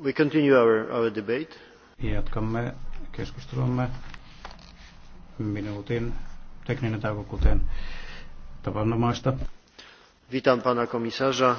We continue our, our debate. Jatkamme keskustelumme minuutin tekninen tauko, kuten tavannomaista. Vitan pana komisarza.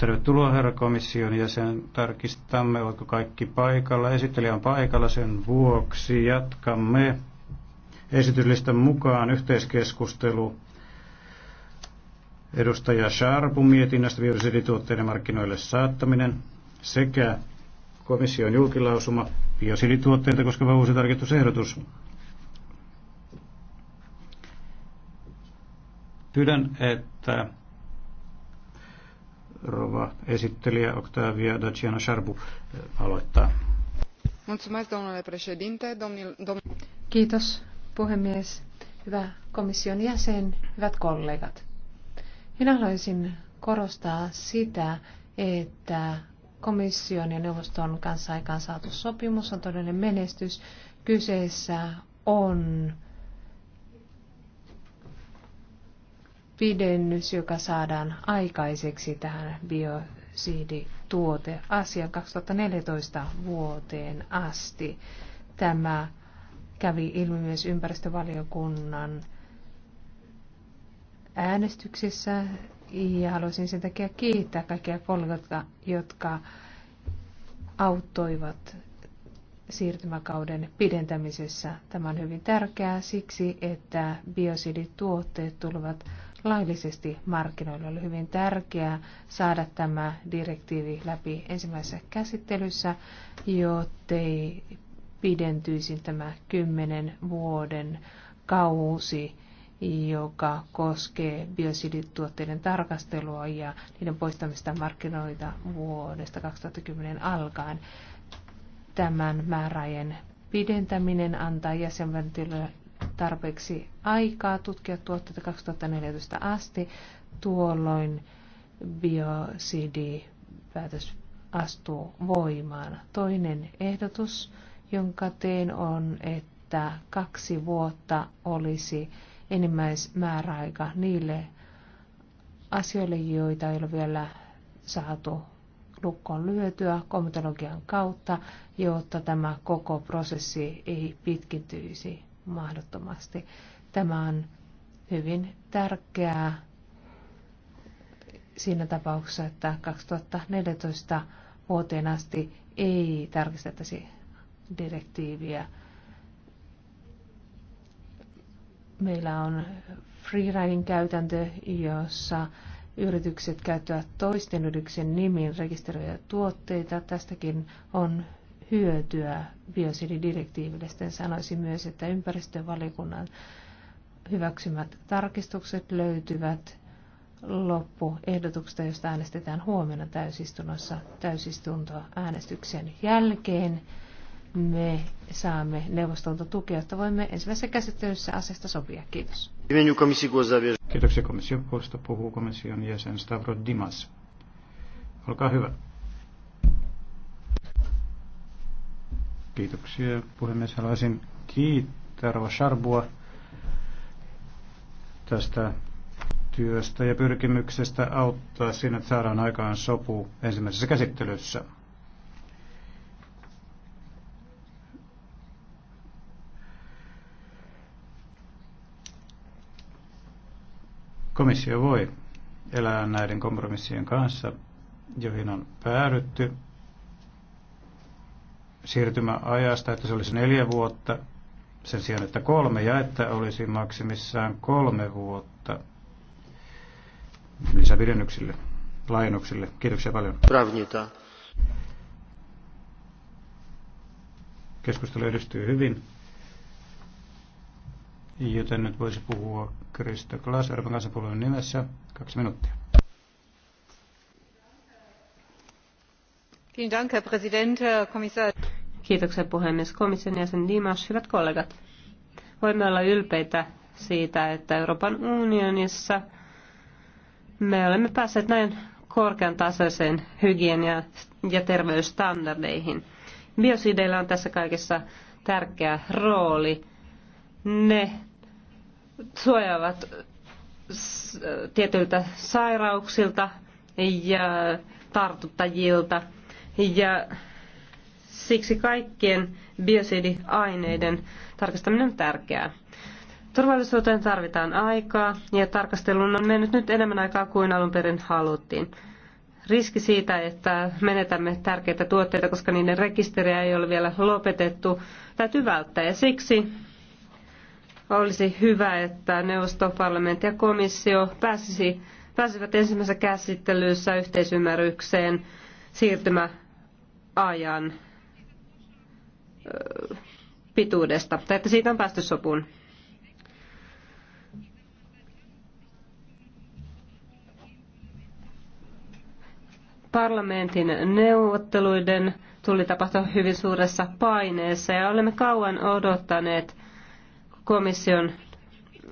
Tervetuloa herra komission jäsen. Tarkistamme, oletko kaikki paikalla. Esittelijä on paikalla sen vuoksi. Jatkamme esityslistan mukaan yhteiskeskustelu edustaja Sharpun mietinnästä biosidituotteiden markkinoille saattaminen sekä komission julkilausuma biosidituotteita koskeva uusi tarkistusehdotus. Pyydän, että rova esittelijä Octavia Daciana Sharbu eh, aloittaa. Kiitos puhemies, hyvä komission jäsen, hyvät kollegat. Minä haluaisin korostaa sitä, että komission ja neuvoston kanssa aikaan saatu sopimus on todellinen menestys. Kyseessä on pidennys, joka saadaan aikaiseksi tähän biosiidituoteasiaan 2014 vuoteen asti. Tämä kävi ilmi myös ympäristövaliokunnan äänestyksessä ja haluaisin sen takia kiittää kaikkia kollegoita, jotka auttoivat siirtymäkauden pidentämisessä. Tämä on hyvin tärkeää siksi, että biosidituotteet tulevat laillisesti markkinoille. Oli hyvin tärkeää saada tämä direktiivi läpi ensimmäisessä käsittelyssä, jottei pidentyisi tämä kymmenen vuoden kausi joka koskee biosidituotteiden tarkastelua ja niiden poistamista markkinoilta vuodesta 2010 alkaen. Tämän määräajan pidentäminen antaa jäsenvaltioille tarpeeksi aikaa tutkia tuotteita 2014 asti. Tuolloin biosidipäätös astuu voimaan. Toinen ehdotus, jonka teen, on, että kaksi vuotta olisi enimmäismääräaika niille asioille, joita ei ole vielä saatu lukkoon lyötyä komitologian kautta, jotta tämä koko prosessi ei pitkittyisi mahdottomasti. Tämä on hyvin tärkeää siinä tapauksessa, että 2014 vuoteen asti ei tarkistettaisi direktiiviä meillä on freeriding käytäntö, jossa yritykset käyttävät toisten yrityksen nimiin rekisteröidä tuotteita. Tästäkin on hyötyä biosididirektiiville. Sitten sanoisin myös, että ympäristövaliokunnan hyväksymät tarkistukset löytyvät loppuehdotuksesta, josta äänestetään huomenna täysistunnossa täysistuntoäänestyksen jälkeen me saamme neuvostolta tukea, että voimme ensimmäisessä käsittelyssä asiasta sopia. Kiitos. Kiitoksia komission puolesta puhuu komission jäsen Stavro Dimas. Olkaa hyvä. Kiitoksia puhemies. Haluaisin kiittää Rova Sharbua tästä työstä ja pyrkimyksestä auttaa siinä, että saadaan aikaan sopu ensimmäisessä käsittelyssä. Komissio voi elää näiden kompromissien kanssa, joihin on päädytty siirtymäajasta, että se olisi neljä vuotta sen sijaan, että kolme ja että olisi maksimissaan kolme vuotta lisäpidennyksille, laajennuksille. Kiitoksia paljon. Pravnita. Keskustelu edistyy hyvin joten nyt voisi puhua Krista Klaas Euroopan kansanpuolueen nimessä. Kaksi minuuttia. Kiitoksia puhemies. Komission jäsen Dimas, hyvät kollegat. Voimme olla ylpeitä siitä, että Euroopan unionissa me olemme päässeet näin korkean tasoiseen hygienia- ja terveysstandardeihin. Biosideillä on tässä kaikessa tärkeä rooli. Ne suojaavat tietyiltä sairauksilta ja tartuttajilta. Ja siksi kaikkien biosidiaineiden tarkastaminen on tärkeää. Turvallisuuteen tarvitaan aikaa ja tarkasteluun on mennyt nyt enemmän aikaa kuin alun perin haluttiin. Riski siitä, että menetämme tärkeitä tuotteita, koska niiden rekisteriä ei ole vielä lopetettu, täytyy välttää ja siksi olisi hyvä, että neuvosto, parlamentti ja komissio pääsisi, pääsivät ensimmäisessä käsittelyssä yhteisymmärrykseen siirtymäajan pituudesta, tai että siitä on päästy sopuun. Parlamentin neuvotteluiden tuli tapahtua hyvin suuressa paineessa ja olemme kauan odottaneet komission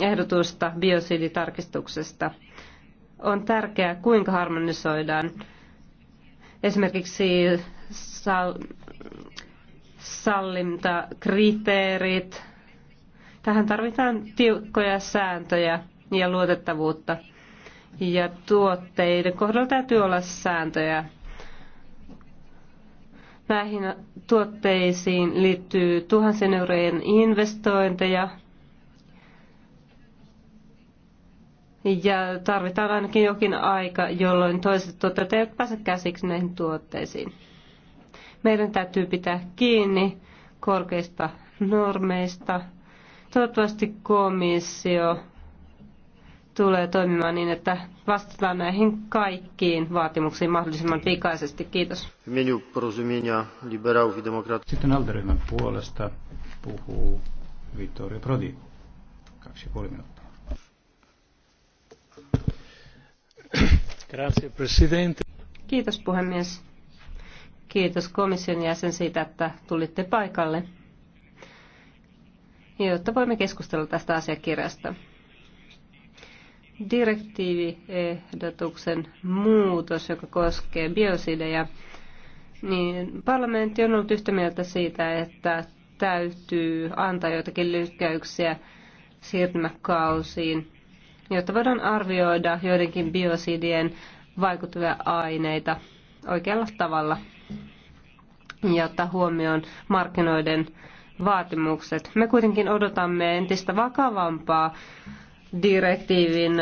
ehdotusta biosiditarkistuksesta. On tärkeää, kuinka harmonisoidaan esimerkiksi sal- sallintakriteerit. Tähän tarvitaan tiukkoja sääntöjä ja luotettavuutta. Ja tuotteiden kohdalla täytyy olla sääntöjä Näihin tuotteisiin liittyy tuhansien eurojen investointeja ja tarvitaan ainakin jokin aika, jolloin toiset tuotteet eivät pääse käsiksi näihin tuotteisiin. Meidän täytyy pitää kiinni korkeista normeista. Toivottavasti komissio tulee toimimaan niin, että vastataan näihin kaikkiin vaatimuksiin mahdollisimman pikaisesti. Kiitos. Sitten alderyhmän puolesta puhuu Vittorio Prodi. Kaksi ja puoli minuuttia. Grazie, Presidente. Kiitos puhemies. Kiitos komission jäsen siitä, että tulitte paikalle, jotta voimme keskustella tästä asiakirjasta direktiiviehdotuksen muutos, joka koskee biosidejä, niin parlamentti on ollut yhtä mieltä siitä, että täytyy antaa joitakin lykkäyksiä siirtymäkausiin, jotta voidaan arvioida joidenkin biosidien vaikuttavia aineita oikealla tavalla ja ottaa huomioon markkinoiden vaatimukset. Me kuitenkin odotamme entistä vakavampaa direktiivin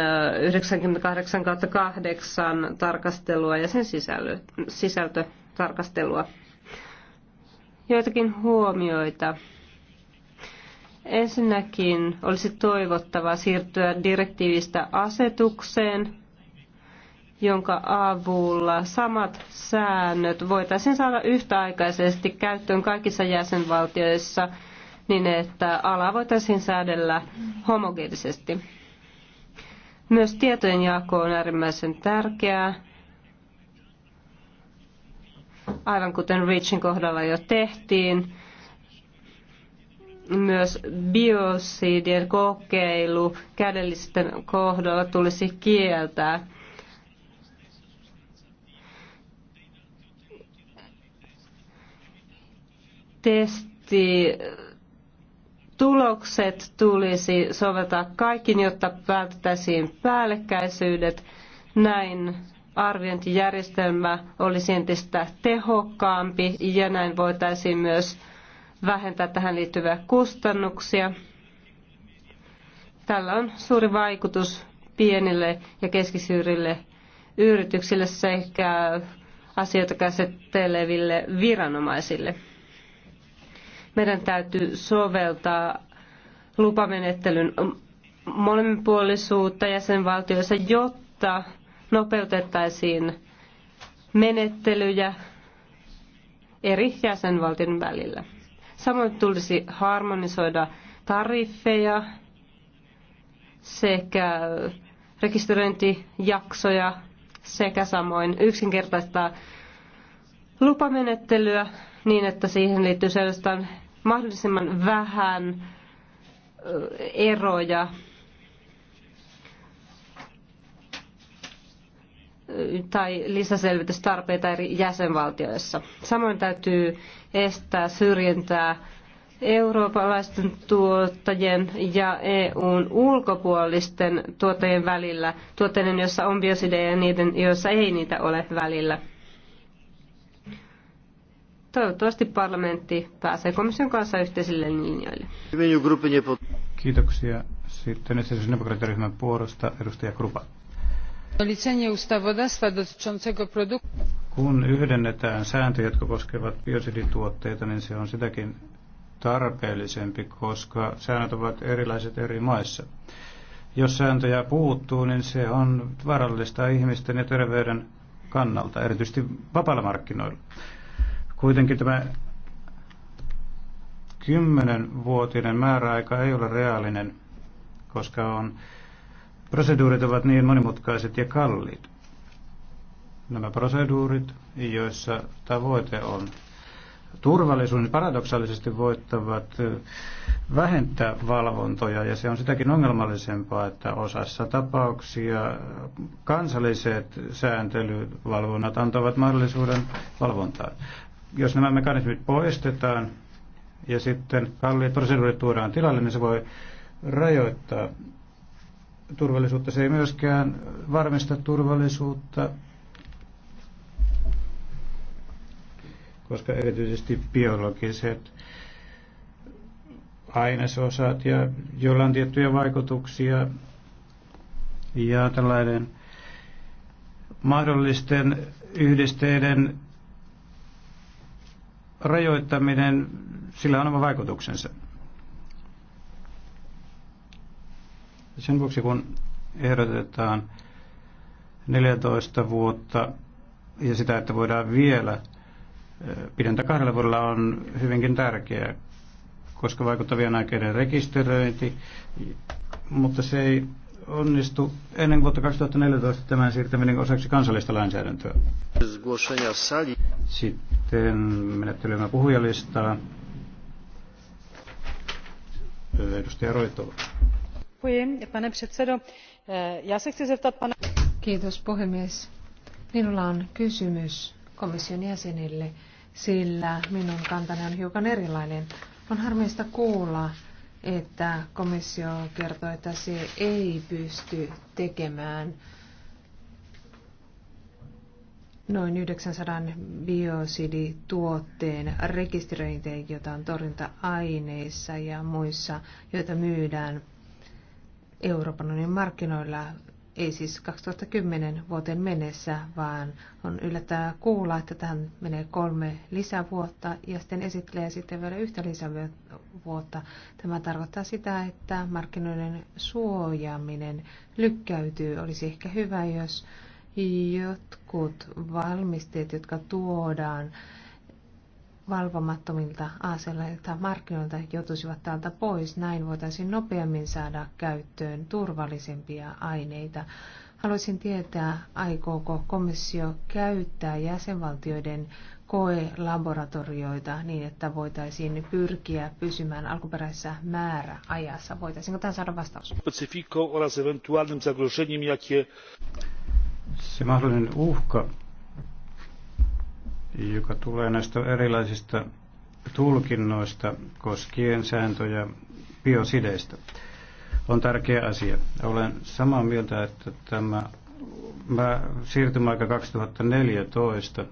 98-8 tarkastelua ja sen sisältö sisältötarkastelua. Joitakin huomioita. Ensinnäkin olisi toivottavaa siirtyä direktiivistä asetukseen, jonka avulla samat säännöt voitaisiin saada yhtäaikaisesti käyttöön kaikissa jäsenvaltioissa niin, että ala voitaisiin säädellä homogeenisesti. Myös tietojenjako on äärimmäisen tärkeää, aivan kuten Reachin kohdalla jo tehtiin. Myös biosidien kokeilu kädellisten kohdalla tulisi kieltää. Testi tulokset tulisi soveltaa kaikkiin, jotta vältettäisiin päällekkäisyydet. Näin arviointijärjestelmä olisi entistä tehokkaampi ja näin voitaisiin myös vähentää tähän liittyviä kustannuksia. Tällä on suuri vaikutus pienille ja keskisyyrille yrityksille sekä asioita käsitteleville viranomaisille meidän täytyy soveltaa lupamenettelyn molemminpuolisuutta jäsenvaltioissa, jotta nopeutettaisiin menettelyjä eri jäsenvaltion välillä. Samoin tulisi harmonisoida tariffeja sekä rekisteröintijaksoja sekä samoin yksinkertaistaa lupamenettelyä niin, että siihen liittyy sellaistaan mahdollisimman vähän eroja tai lisäselvitystarpeita eri jäsenvaltioissa. Samoin täytyy estää syrjintää eurooppalaisten tuottajien ja EUn ulkopuolisten tuottajien välillä, tuotteiden, joissa on biosideja ja niiden, joissa ei niitä ole välillä. Toivottavasti parlamentti pääsee komission kanssa yhteisille linjoille. Kiitoksia. Sitten esitysdemokraattiryhmän puolesta edustaja Krupa. Kun yhdennetään sääntöjä, jotka koskevat biosidituotteita, niin se on sitäkin tarpeellisempi, koska säännöt ovat erilaiset eri maissa. Jos sääntöjä puuttuu, niin se on vaarallista ihmisten ja terveyden kannalta, erityisesti vapaalla markkinoilla. Kuitenkin tämä kymmenenvuotinen määräaika ei ole reaalinen, koska on, proseduurit ovat niin monimutkaiset ja kalliit. Nämä proseduurit, joissa tavoite on turvallisuus, niin paradoksaalisesti voittavat vähentää valvontoja, ja se on sitäkin ongelmallisempaa, että osassa tapauksia kansalliset sääntelyvalvonnat antavat mahdollisuuden valvontaan jos nämä mekanismit poistetaan ja sitten kalliit proseduurit tuodaan tilalle, niin se voi rajoittaa turvallisuutta. Se ei myöskään varmista turvallisuutta, koska erityisesti biologiset ainesosat, ja joilla on tiettyjä vaikutuksia, ja tällainen mahdollisten yhdisteiden rajoittaminen, sillä on oma vaikutuksensa. Sen vuoksi kun ehdotetaan 14 vuotta ja sitä, että voidaan vielä pidentää kahdella vuodella on hyvinkin tärkeää, koska vaikuttavien aikeiden rekisteröinti, mutta se ei onnistu ennen vuotta 2014 tämän siirtäminen osaksi kansallista lainsäädäntöä. Sitten menettelymä puhujalistaa. Edustaja Roitova. Kiitos puhemies. Minulla on kysymys komission jäsenille, sillä minun kantani on hiukan erilainen. On harmista kuulla, että komissio kertoi, että se ei pysty tekemään noin 900 biosidituotteen rekisteröintiä, jota on torjunta-aineissa ja muissa, joita myydään Euroopan unionin markkinoilla ei siis 2010 vuoteen mennessä, vaan on yllättävää kuulla, että tähän menee kolme lisävuotta ja sitten esittelee sitten vielä yhtä lisävuotta. Tämä tarkoittaa sitä, että markkinoiden suojaaminen lykkäytyy. Olisi ehkä hyvä, jos jotkut valmisteet, jotka tuodaan valvomattomilta aselaisilta markkinoilta joutuisivat täältä pois. Näin voitaisiin nopeammin saada käyttöön turvallisempia aineita. Haluaisin tietää, aikooko komissio käyttää jäsenvaltioiden koelaboratorioita niin, että voitaisiin pyrkiä pysymään alkuperäisessä määräajassa. Voitaisiinko tähän saada vastaus? Se mahdollinen uhka, joka tulee näistä erilaisista tulkinnoista koskien sääntöjä biosideistä, on tärkeä asia. Olen samaa mieltä, että tämä siirtymäaika 2014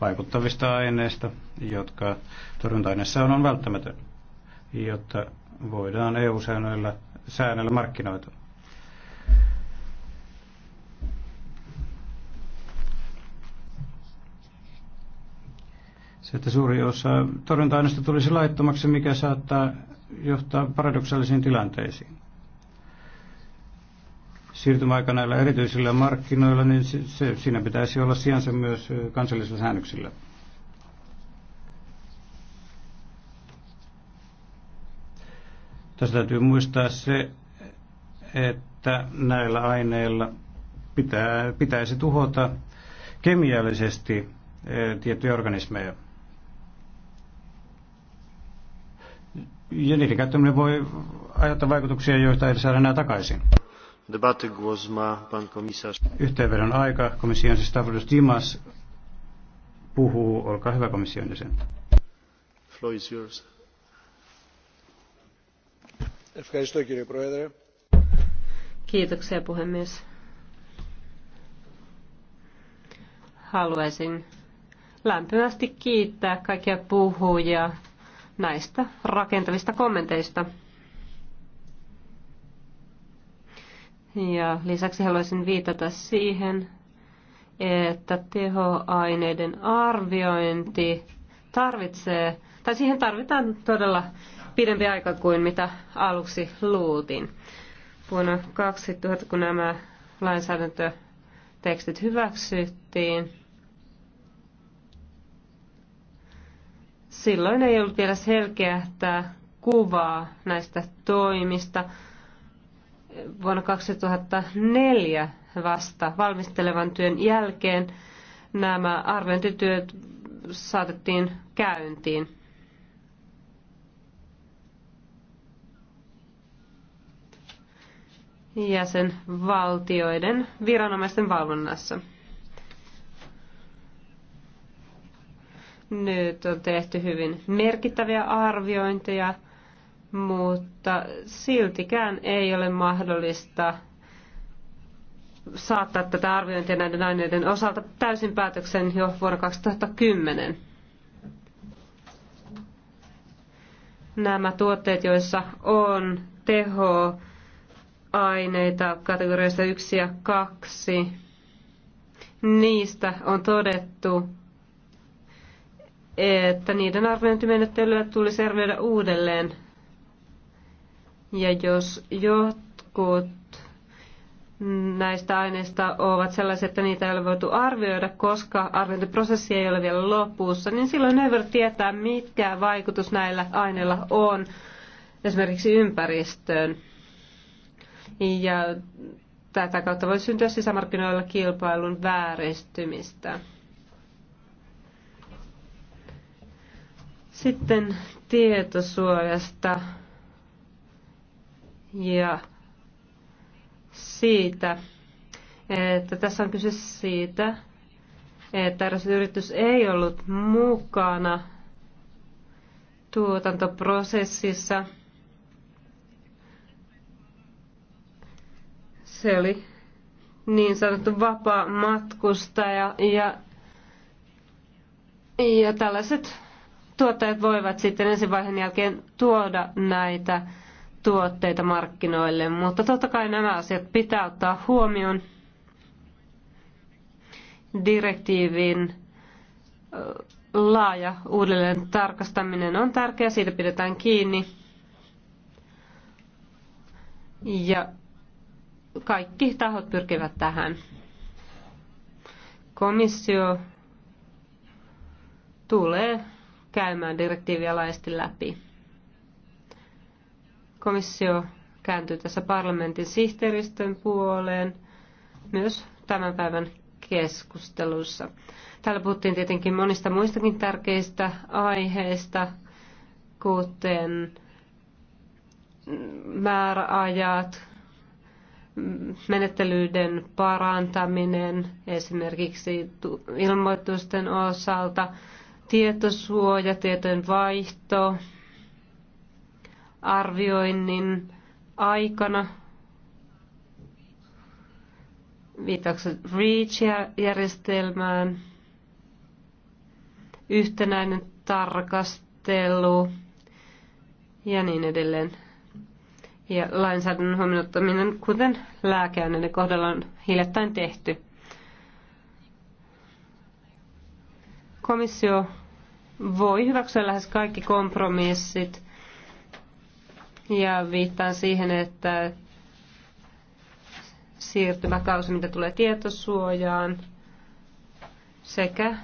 vaikuttavista aineista, jotka torjunta-aineissa on, on välttämätön, jotta voidaan EU-säännöillä säännellä markkinoita. se, että suuri osa torjunta-aineista tulisi laittomaksi, mikä saattaa johtaa paradoksaalisiin tilanteisiin. Siirtymäaika näillä erityisillä markkinoilla, niin se, siinä pitäisi olla sijansa myös kansallisilla säännöksillä. Tässä täytyy muistaa se, että näillä aineilla pitää, pitäisi tuhota kemiallisesti eh, tiettyjä organismeja. Ja niiden käyttäminen voi aiheuttaa vaikutuksia, joita ei saada enää takaisin. Debatte głos ma pan komisarz. Yhteenvedon aika. Komission Stavros Dimas puhuu. Olkaa hyvä komission jäsen. Floor is yours. Kiitoksia puhemies. Haluaisin lämpimästi kiittää kaikkia puhujia näistä rakentavista kommenteista. Ja lisäksi haluaisin viitata siihen, että tehoaineiden arviointi tarvitsee, tai siihen tarvitaan todella pidempi aika kuin mitä aluksi luultiin. Vuonna 2000, kun nämä lainsäädäntötekstit hyväksyttiin, Silloin ei ollut vielä selkeää kuvaa näistä toimista. Vuonna 2004 vasta valmistelevan työn jälkeen nämä arviointityöt saatettiin käyntiin. jäsenvaltioiden viranomaisten valvonnassa. Nyt on tehty hyvin merkittäviä arviointeja, mutta siltikään ei ole mahdollista saattaa tätä arviointia näiden aineiden osalta täysin päätöksen jo vuonna 2010. Nämä tuotteet, joissa on teho, aineita kategorioista 1 ja 2, niistä on todettu, että niiden arviointimenettelyä tulisi arvioida uudelleen. Ja jos jotkut näistä aineista ovat sellaisia, että niitä ei ole voitu arvioida, koska arviointiprosessi ei ole vielä lopussa, niin silloin ei voi tietää, mitkä vaikutus näillä aineilla on esimerkiksi ympäristöön. Ja tätä kautta voi syntyä sisämarkkinoilla kilpailun vääristymistä. Sitten tietosuojasta ja siitä, että tässä on kyse siitä, että eräs yritys ei ollut mukana tuotantoprosessissa. Se oli niin sanottu vapaa matkustaja ja, ja tällaiset tuottajat voivat sitten ensivaiheen jälkeen tuoda näitä tuotteita markkinoille, mutta totta kai nämä asiat pitää ottaa huomioon direktiivin laaja uudelleen tarkastaminen on tärkeää, siitä pidetään kiinni. Ja kaikki tahot pyrkivät tähän. Komissio tulee käymään direktiiviä laajasti läpi. Komissio kääntyy tässä parlamentin sihteeristön puoleen myös tämän päivän keskustelussa. Täällä puhuttiin tietenkin monista muistakin tärkeistä aiheista, kuten määräajat, menettelyiden parantaminen esimerkiksi ilmoitusten osalta, tietosuoja, tietojen vaihto, arvioinnin aikana viitaukset REACH-järjestelmään, yhtenäinen tarkastelu ja niin edelleen. Ja lainsäädännön huomioittaminen, kuten lääkeaineiden kohdalla on hiljattain tehty. Komissio voi hyväksyä lähes kaikki kompromissit ja viittaan siihen, että siirtymäkausi, mitä tulee tietosuojaan sekä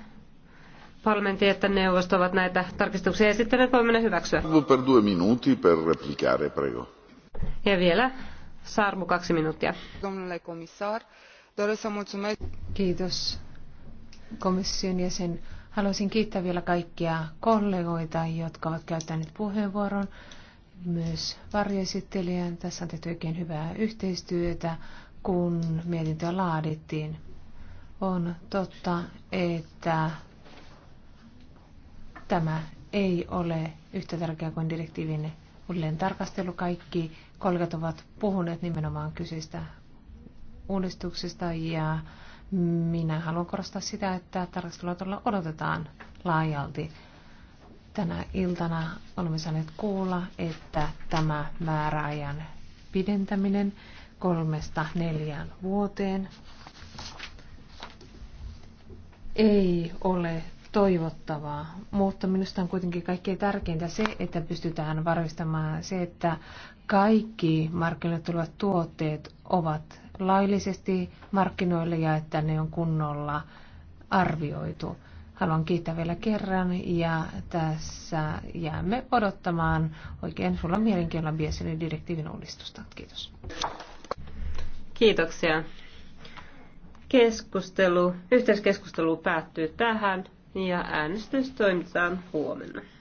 parlamentti että neuvosto ovat näitä tarkistuksia esittäneet, sitten ne hyväksyä. Per due minuti per replicare, prego. Ja vielä sarmu kaksi minuuttia. Kiitos komission jäsen Haluaisin kiittää vielä kaikkia kollegoita, jotka ovat käyttäneet puheenvuoron, myös varjoesittelijän. Tässä on tehty oikein hyvää yhteistyötä, kun mietintöä laadittiin. On totta, että tämä ei ole yhtä tärkeä kuin direktiivin uudelleen tarkastelu. Kaikki kollegat ovat puhuneet nimenomaan kyseistä uudistuksesta ja minä haluan korostaa sitä, että tarkastelua odotetaan laajalti. Tänä iltana olemme saaneet kuulla, että tämä määräajan pidentäminen kolmesta neljään vuoteen ei ole toivottavaa, mutta minusta on kuitenkin kaikkein tärkeintä se, että pystytään varmistamaan se, että kaikki markkinoille tulevat tuotteet ovat laillisesti markkinoille ja että ne on kunnolla arvioitu. Haluan kiittää vielä kerran ja tässä jäämme odottamaan oikein sulla mielenkiinnolla Bieselin direktiivin uudistusta. Kiitos. Kiitoksia. Keskustelu, yhteiskeskustelu päättyy tähän ja äänestys toimitaan huomenna.